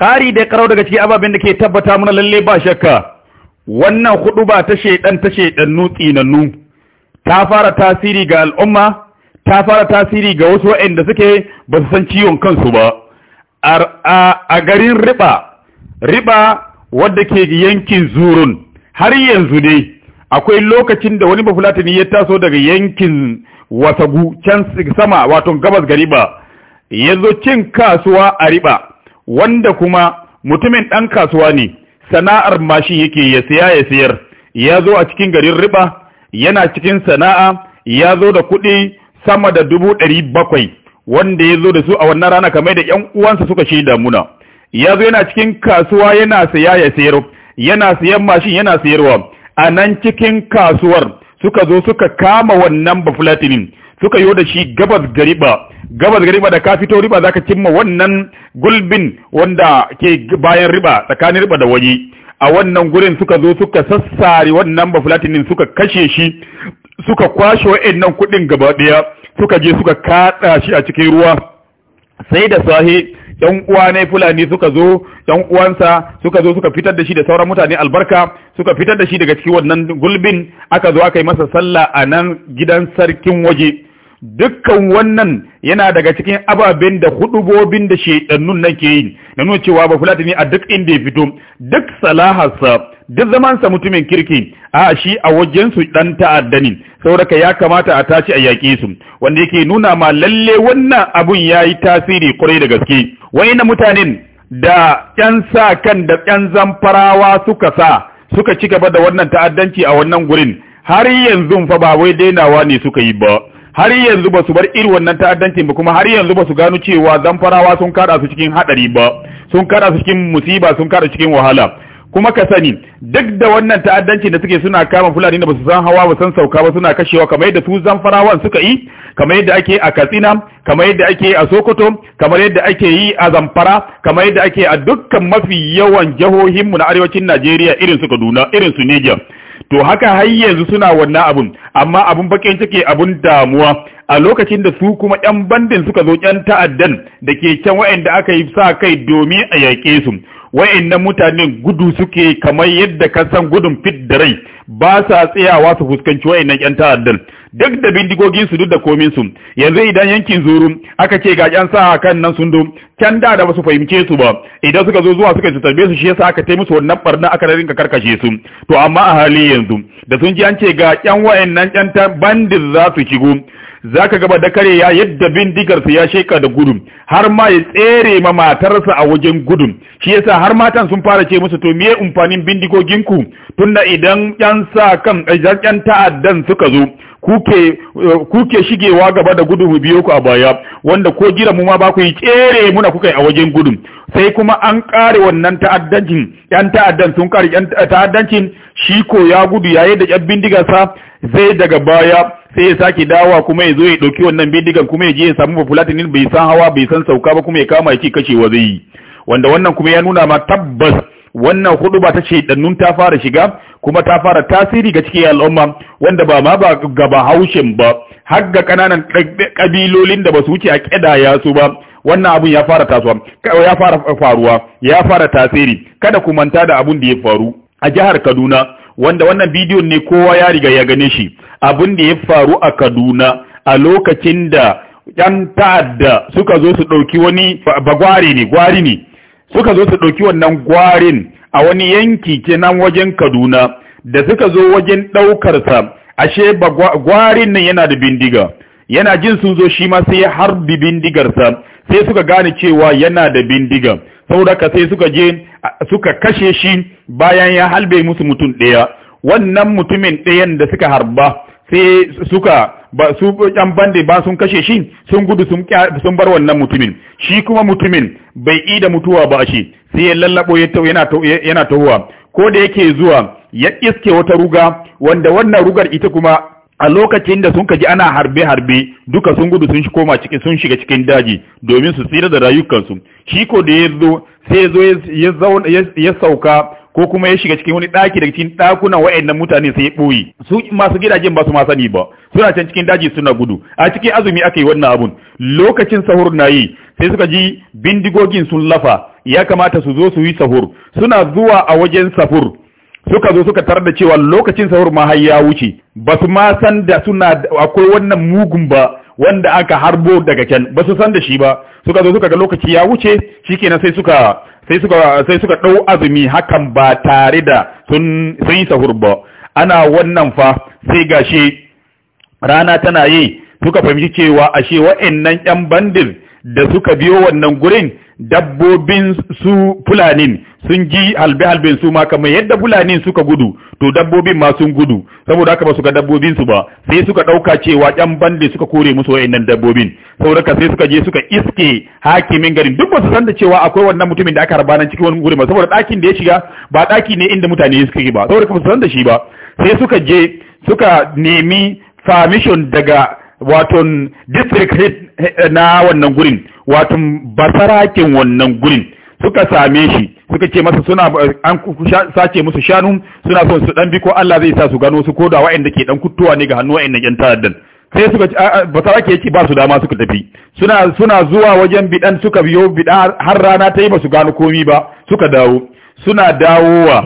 ƙari da karau daga ciki ababen da ke tabbata mana lalle ba shakka wannan hudu ba ta shaidan ta shaidannu tsinannu ta fara tasiri ga al'umma ta fara tasiri ga wasu waɗanda suke ba su san ciwon kansu ba a garin riba riba wadda ke yankin zurun har yanzu ne akwai lokacin da wani bafulatani ya taso daga yankin wasagu can sama wato gabas ga riba ya zo cin kasuwa a riba wanda kuma mutumin ɗan kasuwa ne sana'ar mashin yake ya siya ya siyar ya zo a cikin garin riba yana cikin sana'a ya zo da kuɗi sama da dubu ɗari bakwai wanda ya zo da su a wannan rana kamar da ƴan uwansa suka shi damuna, ya zo yana cikin kasuwa yana siya ya siyar yana siyan mashin yana siyarwa a nan cikin kasuwar suka zo suka kama wannan bafulatinin suka yi da shi gabas gariba gabas gariba da ka fito riba zaka cimma wannan gulbin wanda ke bayan riba tsakanin riba da waje a wannan gurin suka zo suka sassare wannan bafulatinin suka kashe shi suka kwashe wa'annan kuɗin gaba ɗaya suka je suka kaɗa shi a cikin ruwa sai da sahi yan uwa ne fulani suka zo yan uwansa suka zo suka fitar da shi da sauran mutane albarka suka fitar da shi daga cikin wannan gulbin aka zo aka yi masa sallah a nan gidan sarkin waje dukkan wannan yana daga cikin ababen da hudubobin da shedannun nan ke yi na nuna cewa ba ne a duk inda ya fito duk salaharsa duk zamansa mutumin kirki a shi a wajensu ɗan ta'adda ne sauraka ya kamata a tashi a yaƙe su wanda yake nuna ma lalle wannan abun ya yi tasiri kwarai da gaske na mutanen da ƴan sa kan da ƴan zamfarawa suka sa suka ci gaba da wannan ta'addanci a wannan gurin har yanzu fa ba wai dainawa ne suka yi ba har yanzu ba su bar irin wannan ta'addancin ba kuma har yanzu ba su gano cewa zamfarawa sun kada su cikin hadari ba sun kada su cikin musiba sun kada cikin wahala kuma ka sani duk da wannan ta'addanci da suke suna kama fulani da ba su san hawa ba san sauka ba suna kashewa kamar yadda su zamfarawan suka yi kamar yadda ake a katsina kamar yadda ake a sokoto kamar yadda ake yi a zamfara kamar yadda ake a dukkan mafi yawan jihohinmu na arewacin najeriya irin su kaduna irin su niger to haka har yanzu suna wannan abun amma abun bakin take abun damuwa a lokacin da su kuma yan bandin suka zo yan ta'addan da ke can wa'anda aka yi sa kai domin a yaƙe su wa'annan mutanen gudu suke kamar yadda ka san gudun fit da rai ba sa tsayawa su fuskanci wa'annan yan ta'addan duk da bindigogin su duk da komin su yanzu idan yankin zuru aka ce ga yan sa kan nan sundu can da da basu fahimce su ba idan suka zo zuwa suka tarbe su shi yasa aka taimu su wannan barna aka rinka karkashe su to amma a hali yanzu da sun ji an ce ga yan wayannan yan bandit za su shigo Za ka gaba da kare ya yadda bindigarsa ya sheka da gudun har ma ya tsere ma matarsa a wajen gudun shi yasa har matan sun fara ce musu to me umfanin bindigoginku tunda idan yan sa kan yan ta'addan suka zo kuke eh, kuke shigewa gaba da gudun mu biyo ku a baya wanda ko jira mu ma ba ku yi tsere muna kuka a wajen gudun sai kuma an kare wannan ta'addancin yan ta'addan sun kare yan ta'addancin shi ko ya gudu yayin da yan bindigarsa zai daga baya sai ya sake dawa kuma ya zo ya ɗauki wannan bidigan kuma ya je ya samu bafulatinin bai san hawa bai san sauka ba kuma ya kama ya ce kashewa zai yi wanda wannan kuma ya nuna ma tabbas wannan hudu ba ta ce dannun ta fara shiga kuma ta fara tasiri ga cikin al'umma wanda ba ma ba ga bahaushen ba har ga kananan kabilolin da ba su wuce a ya su ba wannan abun ya fara tasowa ya fara faruwa ya fara tasiri kada ku manta da abun da ya faru a jihar Kaduna wanda wannan bidiyon ne kowa ya riga ya gane shi abin da ya faru a Kaduna a lokacin da yan ta'adda suka zo su ɗauki wani ba ne gwari ne suka zo su ɗauki wannan gwarin a wani yanki kenan wajen Kaduna da suka zo wajen ɗaukarsa ashe gwarin nan yana da bindiga yana jin sun zo shi ma sai ya harbi bindigarsa sai suka gane cewa yana da bindiga saboda sai suka je suka kashe shi bayan ya halbe musu mutum ɗaya wannan mutumin ɗayan da suka harba sai suka ba su ƴan bande ba sun kashe shi sun gudu sun bar wannan mutumin shi kuma mutumin bai yi da mutuwa ba shi sai ya lallabo ya yana tahowa ko da yake zuwa ya iske wata ruga wanda wannan rugar ita kuma a lokacin da sun kaji ana harbe-harbe duka sun gudu sun koma cikin sun shiga cikin daji domin su tsira da rayukansu shi ko da ya zo sai ya zo ya sauka ko kuma ya shiga cikin wani ɗaki daga cikin ɗakunan wa'annan mutane sai ya ɓoye su masu gidajen ba su ma sani ba suna can cikin daji suna gudu a cikin azumi aka yi wannan abun lokacin sahur na yi sai suka ji bindigogin sun lafa ya kamata su zo su yi sahur suna zuwa a wajen sahur suka zo suka tarar da cewa lokacin sahur ma har ya wuce ba su ma san da suna akwai wannan mugun ba wanda aka harbo daga can ba su san da shi ba suka zo suka ga lokaci ya wuce shikenan sai suka sai suka sai suka dau azumi hakan ba tare da sun sun yi sahur ba ana wannan fa sai gashi rana tana yi suka fahimci cewa ashe wa'annan yan bandin da suka biyo wannan gurin dabbobin su fulanin sun ji halbe halben su ma kamar yadda fulanin suka gudu to dabbobin ma sun gudu saboda haka ba su ga dabbobin su ba sai suka dauka cewa yan bande suka kore musu wayannan dabbobin saboda haka sai suka je suka iske hakimin garin duk ba su san da cewa akwai wannan mutumin da aka harba nan cikin wani guri ba saboda ɗakin da ya shiga ba daki ne inda mutane suke ba saboda haka ba su san da shi ba sai suka je suka nemi permission daga wato district head eh, na wannan gurin wato basarakin wannan gurin suka same shi suka ce masa suna eh, an sace musu shanu suna son su dan bi ko Allah zai sa su gano su koda wa'anda ke dan kuttuwa ne ga hannu wa'annan yan taraddan sai suka basarake yake ba su dama suka tafi suna suna zuwa wajen bidan suka biyo bidan har rana ta yi ba su gano komi ba suka dawo suna dawowa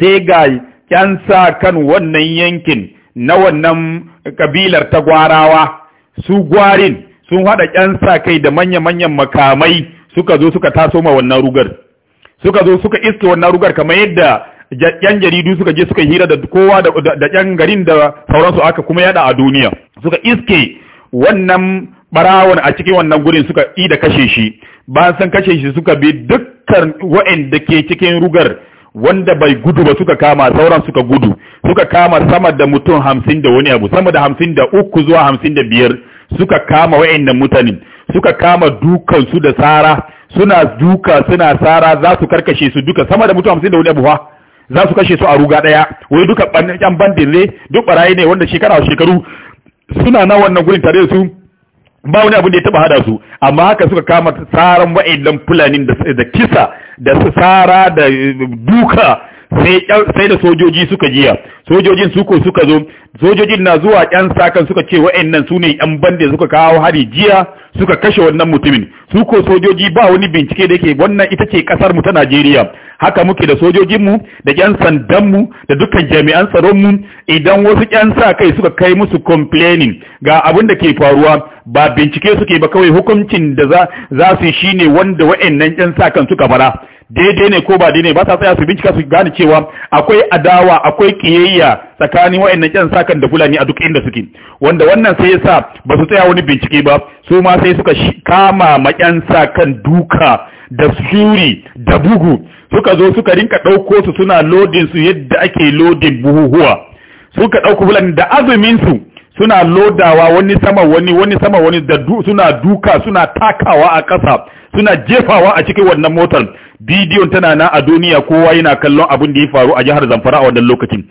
sai ga yan sa kan wannan yankin na wannan kabilar ta gwarawa su gwarin sun haɗa ƴan sa kai da manya-manyan makamai suka zo suka taso ma wannan rugar suka zo suka iske wannan rugar kamar yadda ƴan jaridu suka je suka hira da kowa da ƴan garin da sauransu aka kuma yada a duniya suka iske wannan barawon a cikin wannan gurin suka yi da kashe shi bayan san kashe shi suka bi dukkan waɗanda ke cikin rugar wanda bai gudu ba suka kama sauran suka gudu suka kama sama da mutum hamsin da wani abu sama da hamsin da uku zuwa hamsin da biyar suka kama wa'annan mutanen suka kama dukansu da tsara suna duka suna tsara za su karkashe su duka sama da mutum hamsin da wani abu za su kashe su a ruga daya wai duka ɓanɗan bandin ne duk barayi ne wanda shekara shekaru suna na wannan gurin tare da su ba wani abu da ya taba hada su amma haka suka kama tsaran wa'annan fulanin da kisa da su tsara da duka sai da sojoji suka jiya sojojin suko suka zo sojojin na zuwa yan sakan suka ce wa'annan su ne yan bande suka kawo hari jiya suka kashe wannan mutumin suko sojoji ba wani bincike da yake wannan ita ce kasar mu ta Najeriya haka muke da sojojinmu da yan sandanmu da dukkan jami'an tsaronmu idan wasu yan sa kai suka kai musu complaining ga abin da ke faruwa ba bincike suke ba kawai hukuncin da za su shine wanda wa'annan yan sakan suka fara daidai ne ko ba daidai ba sa tsaya su bincika su gane cewa akwai adawa akwai kiyayya tsakanin wayannan kyan sakan da fulani a duk inda suke wanda wannan sai yasa ba su tsaya wani bincike ba su ma sai suka kama ma makyan sakan duka da shuri da bugu suka zo suka rinka ɗauko su suna lodin su yadda ake lodin buhuhuwa suka ɗauko fulani da azumin su suna lodawa wani sama wani wani sama wani da du, suna duka suna takawa a ƙasa suna jefawa a cikin wannan motar bidiyon tana na a duniya kowa yana kallon abin da ya faru a jihar Zamfara a wannan lokacin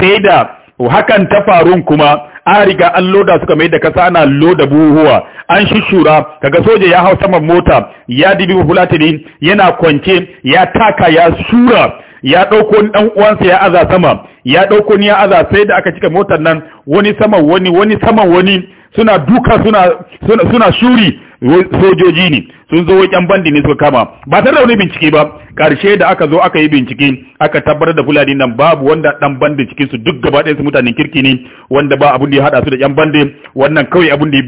sai da hakan ta faru kuma an riga an loda suka mai da kasa ana loda buhuwa an shishura kaga soja ya hau saman mota ya dibi fulatini yana kwance ya taka ya shura ya ɗauko ni ɗan uwansa ya aza sama ya ɗauko ni ya aza sai da aka cika motar nan wani sama wani wani sama wani suna duka suna suna, suna shuri sojoji ne sun zo wajen bandi ne suka kama ba tare da wani bincike ba karshe da aka zo aka yi bincike aka tabbatar da fulani nan babu wanda dan bandi cikin su duk gaba ɗayan su mutanen kirki ne wanda ba abun da ya hada su da yan bandi wannan kawai abun da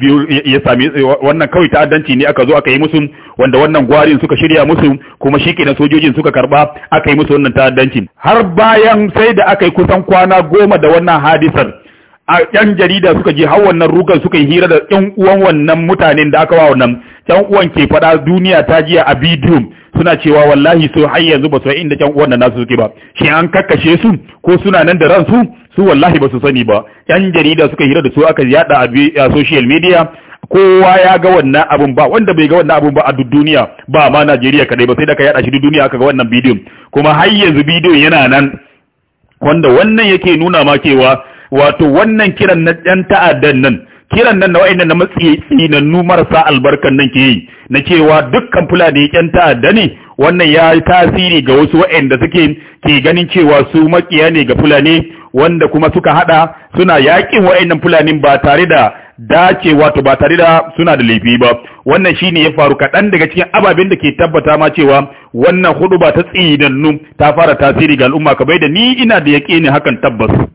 ya sami wannan kawai ta'addanci ne aka zo aka yi musu wanda wannan gwarin suka shirya musu kuma shi kenan sojojin suka karba aka yi musu wannan ta'addanci har bayan sai da aka yi kusan kwana goma da wannan hadisar a yan jarida suka je har wannan rukan suka yi hira da yan uwan wannan mutanen da aka wa wannan yan uwan ke faɗa duniya ta jiya a bidiyo suna cewa wallahi su har yanzu ba su inda yan uwan nasu suke ba shi an kakkashe su ko suna nan da ransu su wallahi ba su sani ba yan jarida suka hira da su aka yada a social media kowa ya ga wannan abun ba wanda bai ga wannan abun ba a duk duniya ba ma Najeriya kadai ba sai da ka yada shi duk duniya aka ga wannan bidiyo. kuma har yanzu bidiyon yana nan wanda wannan yake nuna ma cewa wato wannan kiran na yan ta'addan nan kiran nan na wa'annan na matsinannu marasa albarkan nan ke yi na cewa dukkan fulani yan ta'adda ne wannan ya yi tasiri ga wasu wa'anda suke ke ganin cewa su makiya ne ga fulani wanda kuma suka haɗa suna yakin wa'annan fulani ba tare da dace wato ba tare da suna da laifi ba wannan shine ya faru kaɗan daga cikin ababen da ke tabbata ma cewa wannan hudu ba ta tsinannu ta fara tasiri ga al'umma kamar da ni ina da ne hakan tabbas